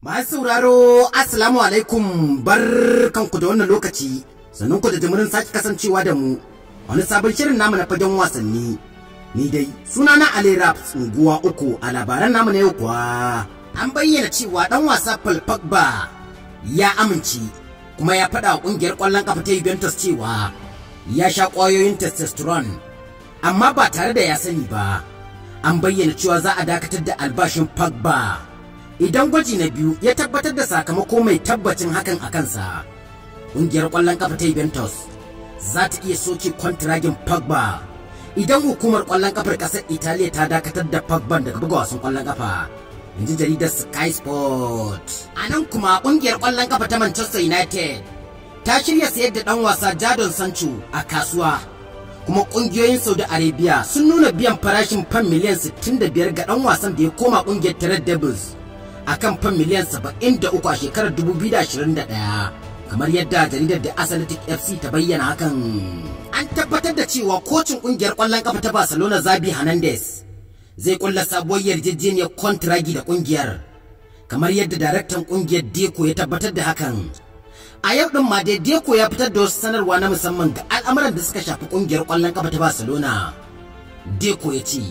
Masu sauraro Assalamu alaikum barkanku da wannan lokaci sannan ku da jimirin sake kasancewa da mu wani sabon shirin namu na fagen wasanni ni dai Suna Ali Raps unguwa uku a labaran namu na yau kuwa an bayyana cewa dan wasa Paul Pogba ya amince kuma ya faɗa wa ƙungiyar ƙwallon ƙafa ta Juventus cewa ya sha ƙwayoyin testosterone amma ba tare da ya sani ba an bayyana cewa za a dakatar da albashin Pogba idan gwaji na biyu ya tabbatar da sakamako mai tabbacin hakan a kansa ƙungiyar ƙwallon ƙafa ta Juventus za ta iya soke kwantiragin Pogba idan hukumar ƙwallon ƙafar ƙasar Italiya ta dakatar da Pogba daga buga wasan ƙwallon ƙafa, in ji jaridar Sky Sport a kuma ƙungiyar ƙwallon ƙafa ta Manchester United ta shirya sayar da ɗan wasa Jadon Sancho a kasuwa kuma ƙungiyoyin Saudi Arabia sun nuna biyan farashin fan miliyan 65 ga ɗan wasan da ya koma ƙungiyar Red Devils akan fan miliyan 73 a shekarar 2021 kamar yadda jaridar da Athletic FC ta bayyana hakan an tabbatar da cewa kocin kungiyar kwallon kafa ta Barcelona Zabi Hernandez zai kulla sabuwar yarjejeniyar kontragi da kungiyar kamar yadda daraktan kungiyar Deko ya tabbatar da hakan a yau din ma dai Deco ya fitar da wasu sanarwa na musamman ga al'amuran da suka shafi kungiyar kwallon kafa ta Barcelona Deco ya ce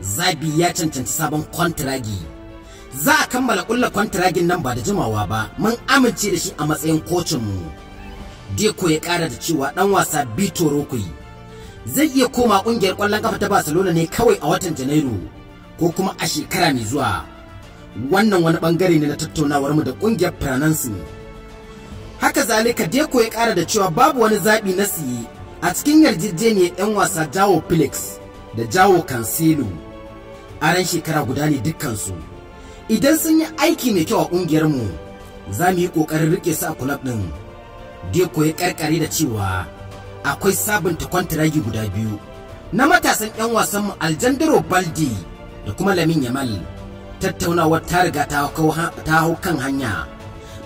Zabi ya cancanci sabon kontragi za a kammala kulla kwantiragin nan ba da jimawa ba mun amince da shi a matsayin kocinmu. mu Deko ya kara da cewa dan wasa Bito rokui zai iya koma kungiyar kwallon kafa ta Barcelona ne kawai a watan Janairu ko kuma a shekara mai zuwa wannan wani bangare ne na tattaunawar mu da kungiyar Finance haka zalika Deko ya kara da cewa babu wani zaɓi na siye a cikin yarjejeniyar yan wasa Jawo Felix da Jawo Cancelo a ran shekara guda ne dukkansu. idan sun yi aiki mai kyau a ƙungiyar mu za mu yi ƙoƙarin rike su a kulab ɗin deko ya ƙarƙare da cewa akwai sabunta kwantiragi guda biyu na matasan 'yan wasan mu aljandaro baldi da kuma lamin yamal Tattaunawa ta riga ta hau kan hanya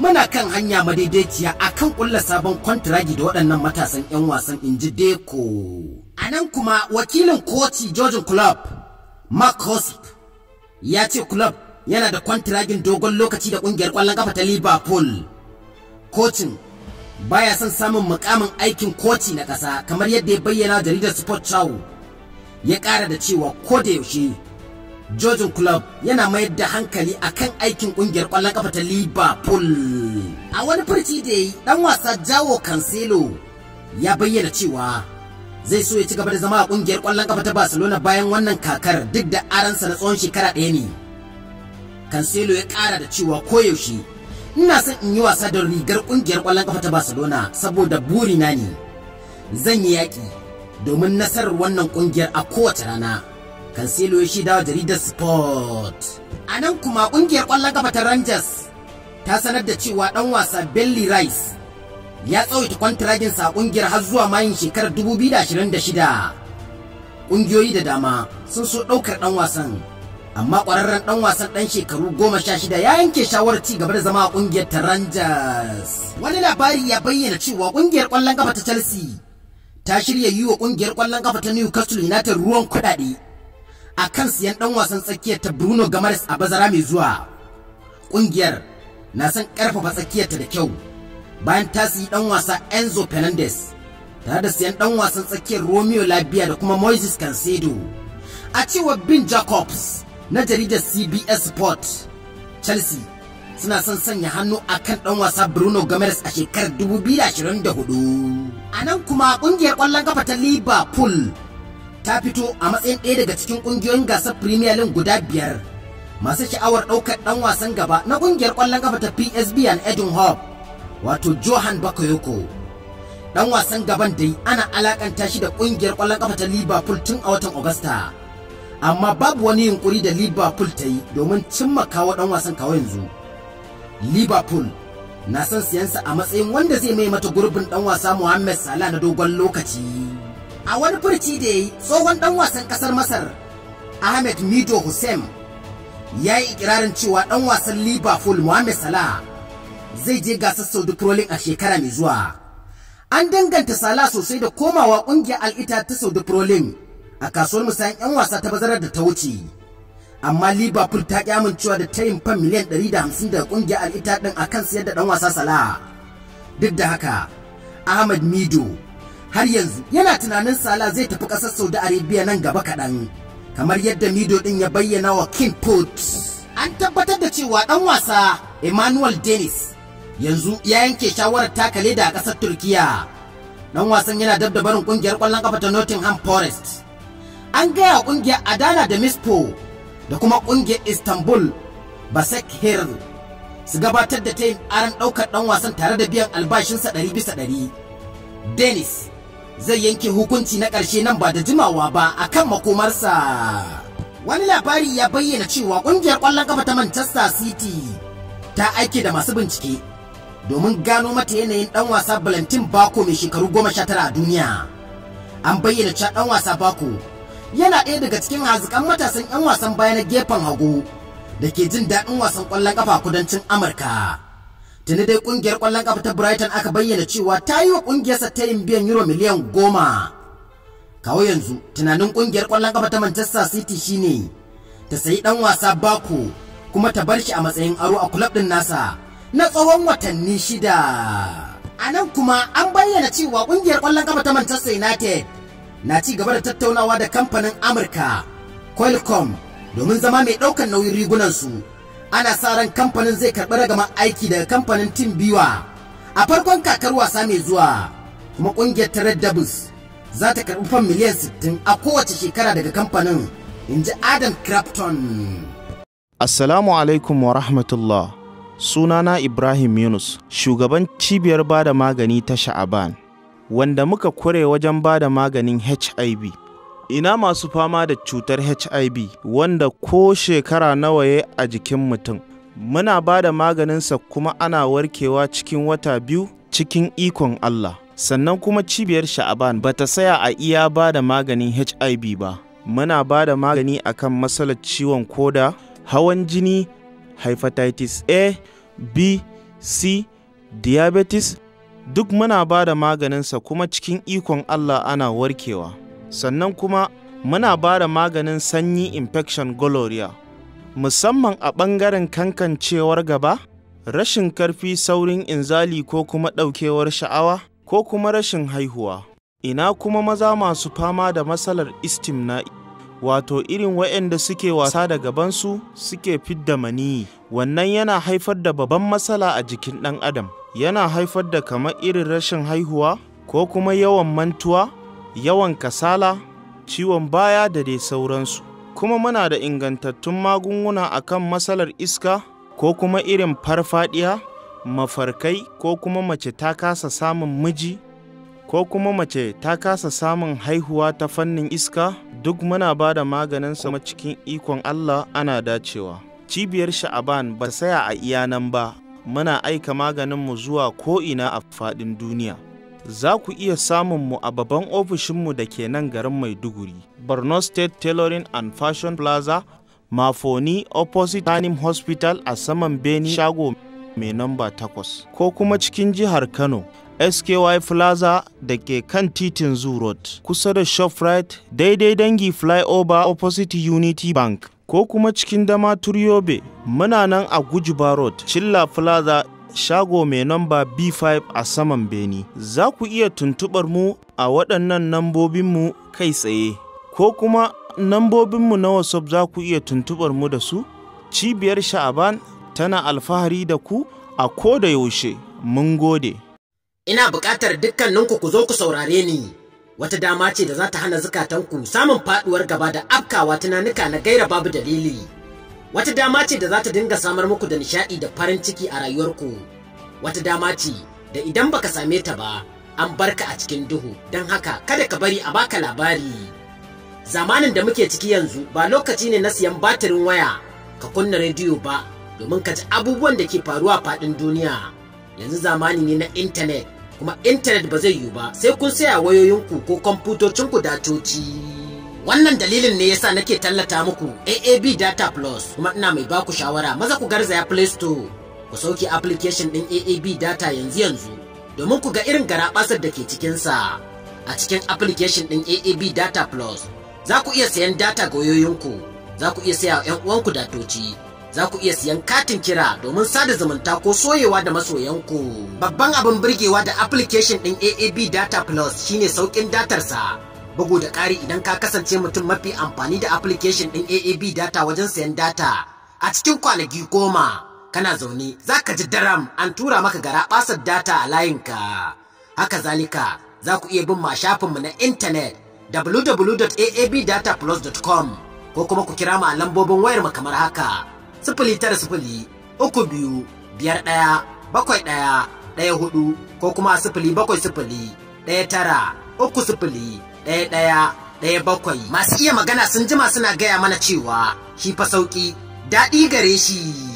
muna kan hanya madaidaiciya akan ƙulla sabon kwantiragi da waɗannan matasan 'yan wasan inji deko a kuma wakilin koci jojin club mark Hosp, ya ce club yana da kwantiragin dogon lokaci da kungiyar kwallon kafa ta Liverpool. Kocin baya son samun mukamin aikin koci na ƙasa kamar yadda ya bayyana jaridar Sport Chow. Ya ƙara da cewa ko da yaushe Jojin Club yana mayar da hankali akan aikin kungiyar kwallon kafa ta Liverpool. A wani farci da yi dan wasa Jawo Cancelo ya bayyana cewa zai so ya ci gaba da zama a kungiyar kwallon kafa ta Barcelona bayan wannan kakar duk da aransa na tsawon shekara ɗaya ne. Cancelo ya kara da cewa koyaushe ina son in yi wasa da rigar kungiyar kwallon kafa ta Barcelona saboda na ne. Zan yi yaki domin nasarar wannan kungiyar a kowace rana. Cancelo ya shida wa jaridar Sport. A nan kuma kungiyar kwallon kafa ta Rangers ta sanar da cewa dan wasa Belly Rice ya tsawaita kwantaraginsa a kungiyar har zuwa mayin shekarar 2026. kungiyoyi da dama sun so ɗaukar ɗan wasan amma kwararren ɗan wasan ɗan shekaru goma sha shida ya yanke shawarar ci gaba da zama a ƙungiyar ta Rangers. Wani labari ya bayyana cewa ƙungiyar kwallon kafa ta Chelsea ta shirya yi wa ƙungiyar ƙwallon kafa ta Newcastle United ruwan kuɗaɗe a kan siyan ɗan wasan tsakiyar ta Bruno Gamares a bazara mai zuwa. Ƙungiyar na son ƙarfafa tsakiyar ta da kyau bayan ta siyi ɗan wasa Enzo Fernandez tare da siyan ɗan wasan tsakiyar Romeo Labia da kuma Moises Cancedo. A cewar Bin Jacobs, na jaridar CBS Sport Chelsea suna son sanya hannu a kan ɗan wasa Bruno Gomes a shekarar 2024. A nan kuma ƙungiyar ƙwallon kafa ta Liverpool ta fito a matsayin ɗaya daga cikin ƙungiyoyin gasar Premier League guda biyar. Masu sha'awar ɗaukar ɗan wasan gaba na ƙungiyar ƙwallon kafa ta PSV and Edin Hub wato Johan Bakayoko. Ɗan wasan gaban dai ana alakanta shi da ƙungiyar ƙwallon kafa ta Liverpool tun a watan Agusta. amma babu wani yunkuri da liverpool ta yi domin cimma kawo dan wasan kawo yanzu liverpool na son siyansa a matsayin wanda zai mai mata gurbin dan wasa mohammed salah na dogon lokaci a wani furci da ya yi tsohon dan wasan kasar masar ahmed mido hussein ya yi ikirarin cewa dan wasan liverpool mohammed salah zai je gasar saudi pro a shekara mai zuwa an danganta salah sosai da komawa kungiyar al'ita ta saudi pro league a kasuwar musayan 'yan wasa ta bazarar da ta wuce amma liverpool ta amincewa da tayin fan miliyan 150 daga kungiyar al'ita din akan sayar da dan wasa salah duk da haka ahmad mido har yanzu yana tunanin sala zai tafi kasar saudi arabia nan gaba kaɗan kamar yadda mido din ya bayyana wa king port an tabbatar da cewa dan wasa emmanuel dennis yanzu ya yanke shawarar takale da a kasar turkiya dan wasan yana dab da barin kungiyar kwallon kafa ta nottingham forest an gaya kungiyar adana da mispo da kuma kungiyar istanbul basak hill su gabatar da ta yin aran ɗaukar ɗan wasan tare da biyan albashinsa ɗari bisa ɗari dennis zai yanke hukunci na ƙarshe nan ba da jimawa ba akan makomarsa wani labari ya bayyana cewa ƙungiyar ƙwallon kafa ta manchester city ta aike da masu bincike domin gano mata yanayin ɗan wasa valentin bako mai shekaru goma sha tara a duniya an bayyana cewa ɗan wasa bako yana ɗaya daga cikin hazikan matasan 'yan wasan baya na gefen hagu da ke jin daɗin wasan ƙwallon ƙafa kudancin Amurka. Tuni dai ƙungiyar ƙwallon ƙafa ta Brighton aka bayyana cewa ta yi wa ƙungiyarsa ta yin biyan euro miliyan goma. Kawo yanzu tunanin ƙungiyar ƙwallon ƙafa ta Manchester City shine ta sayi ɗan wasa Bako kuma ta bar shi a matsayin aro a kulab ɗin nasa na tsawon watanni shida. A nan kuma an bayyana cewa ƙungiyar ƙwallon ƙafa ta Manchester United na ci gaba da tattaunawa da kamfanin Amurka Qualcomm domin zama mai ɗaukar nauyin rigunan su. Ana sa ran kamfanin zai karɓi ragaman aiki daga kamfanin tim Biwa a farkon kakar wasa mai zuwa kuma ƙungiyar ta Red Devils za ta karɓi fan miliyan 60 a kowace shekara daga kamfanin in ji Adam Crafton. Assalamu alaikum wa rahmatullah. Sunana Ibrahim Yunus, shugaban cibiyar bada magani ta Sha'aban. wanda muka kure wajen ba da maganin HIV. Ina masu fama da cutar HIV wanda ko shekara nawa ya a jikin mutum. Muna ba da maganinsa kuma ana warkewa cikin wata biyu cikin ikon Allah. Sannan kuma cibiyar Sha'aban ba ta saya a iya ba da maganin HIV ba. Muna ba da magani akan matsalar ciwon koda, hawan jini, hepatitis A, B, C, diabetes, duk muna ba da maganinsa kuma cikin ikon Allah ana warkewa, sannan kuma muna ba da maganin sanyi infection gonorrhea, musamman a ɓangaren kankancewar gaba, rashin karfi saurin inzali ko kuma ɗaukewar sha'awa ko kuma rashin haihuwa. Ina kuma maza masu fama da matsalar istim na wato irin waɗanda suke wasa da gabansu suke fidda maniyi wannan yana haifar da babban matsala a jikin ɗan adam yana haifar da kamar irin rashin haihuwa ko kuma yawan mantuwa yawan kasala ciwon baya da dai sauransu kuma muna da ingantattun magunguna akan matsalar iska ko kuma irin farfadiya mafarkai ko kuma mace ta kasa samun miji ko kuma mace ta kasa samun haihuwa ta fannin iska duk muna ba da maganin sama cikin ikon Allah ana dacewa. Cibiyar Sha'aban ba saya a iya nan ba, muna aika maganinmu zuwa ko'ina a faɗin duniya. Za ku iya mu a babban ofishinmu da ke nan garin Maiduguri, Borno State Tailoring and Fashion Plaza, Mafoni opposite Tanim Hospital a saman Beni Shago mai namba takwas, ko kuma cikin jihar Kano. SKY Plaza da ke kan titin Zoo Road, kusa da Shoprite daidai dangi flyover opposite Unity Bank, ko kuma cikin dama Turyobe, muna nan a Gujiba Road, Chilla Plaza shago mai namba B5 a saman Beni. Za ku iya tuntubar mu a waɗannan nambobinmu kai tsaye, ko kuma nambobinmu na WhatsApp za ku iya tuntubar mu da su, cibiyar sha'aban tana alfahari da ku a ko da yaushe mun gode. ina buƙatar dukkaninku ku zo ku saurare ni wata dama ce da za ta hana zukatanku samun faɗuwar gaba da afkawa tunanuka na gaira babu dalili wata dama ce da za ta dinga samar muku da nishaɗi da farin ciki a rayuwarku wata dama ce da idan baka same ta ba an barka a cikin duhu don haka kada ka bari a baka labari zamanin da muke ciki yanzu ba lokaci ne na siyan batirin waya ka kunna rediyo ba domin ka ji abubuwan da ke faruwa faɗin duniya yanzu zamani ne na intanet kuma intanet ba zai yiwu ba sai kun saya wayoyinku ko kwamfutocinku datoci. Wannan dalilin ne yasa nake tallata muku AAB Data Plus kuma ina mai baku shawara maza ku garzaya Play Store ku sauke application ɗin AAB Data yanzu yanzu domin ku ga irin garaɓasar da ke cikinsa. A cikin application ɗin AAB Data Plus za ku iya sayan data ga wayoyinku, za ku iya saya 'yan uwanku datoci, za ku iya siyan katin kira domin sada zumunta ko soyewa da masoyanku. Babban abin birgewa da application ɗin AAB Data Plus shine sauƙin datarsa. Bugu da ƙari idan ka kasance mutum mafi amfani da application ɗin AAB Data wajen sayan data a cikin kwanaki goma. Kana zaune za ka ji daram an tura maka gara ɓasar data a layinka. Haka zalika za ku iya bin ma shafinmu na intanet www.aabdataplus.com ko kuma ku kira mu a lambobin wayar mu kamar haka sifili tara sifili uku biyu biyar ɗaya bakwai ɗaya ɗaya hudu ko kuma sifili bakwai sifili ɗaya tara uku sifili ɗaya ɗaya ɗaya bakwai. Masu iya magana sun jima suna gaya mana cewa shi fa sauƙi daɗi gare shi.